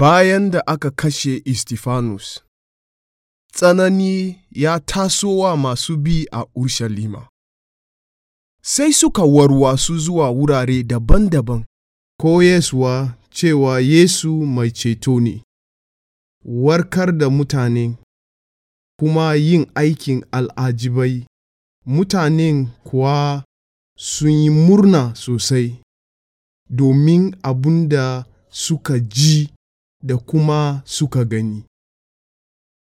Bayan da aka kashe Istifanus, tsanani ya tasowa masu bi a Urshalima, sai suka warwasu zuwa wurare daban-daban, ko koyeswa cewa Yesu mai ceto ne, warkar da mutane, kuma yin aikin al'ajibai, mutanen kuwa sun yi murna sosai domin abin da suka ji da kuma suka gani.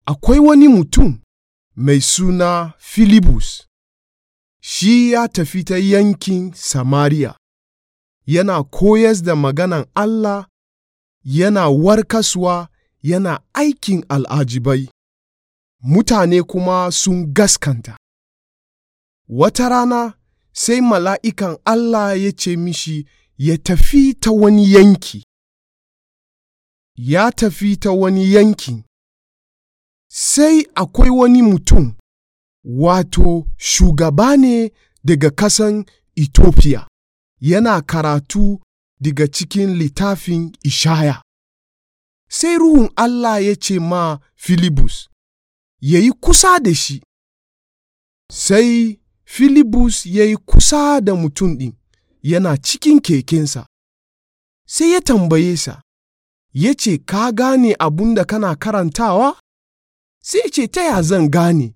Akwai wani mutum mai suna Filibus, shi ya tafi ta yankin Samariya, yana koyas da maganan Allah, yana warkaswa, yana aikin al'ajibai, mutane kuma sun gaskanta. Wata rana sai mala'ikan Allah ya ce mishi ya tafi ta wani yanki. ya tafi ta wani yanki, sai akwai wani mutum, wato shugaba ne daga kasan Ethiopia, yana karatu daga cikin littafin Ishaya. Sai Ruhun Allah ya ce ma Filibus, ya yi kusa da shi, sai Filibus ya yi kusa da mutum ɗin, yana cikin kekensa, sai ya tambaye sa, ya ce, Ka gane abun da kana karantawa? Sai ce, Ta ya zan gane,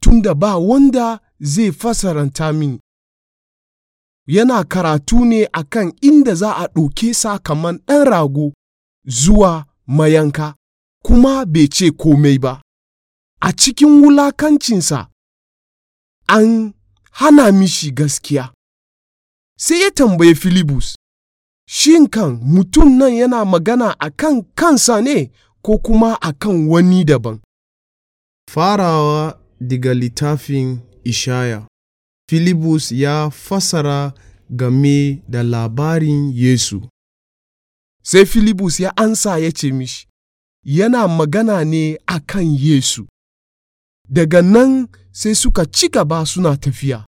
tunda ba wanda zai fasaranta mini. Yana karatu ne a kan inda za a ɗauke sa kamar ɗan rago zuwa mayanka, kuma bai ce komai ba. A cikin wulakancinsa, an hana mishi gaskiya. Sai ya tambaye Filibus, shin kan mutum nan yana magana a kan kansa ne ko kuma a kan wani daban. Farawa daga littafin Ishaya, Filibus ya fasara game da labarin Yesu. Sai Filibus ya ansa ya ce mishi, yana magana ne a kan Yesu. Daga nan sai suka ci gaba suna tafiya,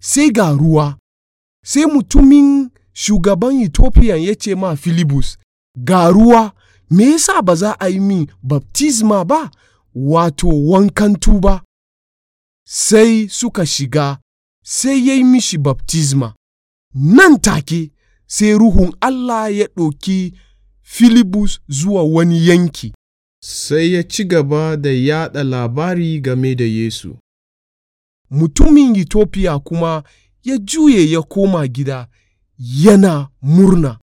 sai ga ruwa, sai mutumin shugaban Ethiopian ya ce ma Filibus, ga ruwa, me yasa ba za a yi min baptisma ba, wato wankan tuba? Sai suka shiga, sai ya yi mishi baptisma. Nan take, sai Ruhun Allah ya ɗauki Filibus zuwa wani yanki. Sai ya ci gaba da yaɗa labari game da Yesu. Mutumin Ethiopia kuma ya juye ya koma gida. yana murna.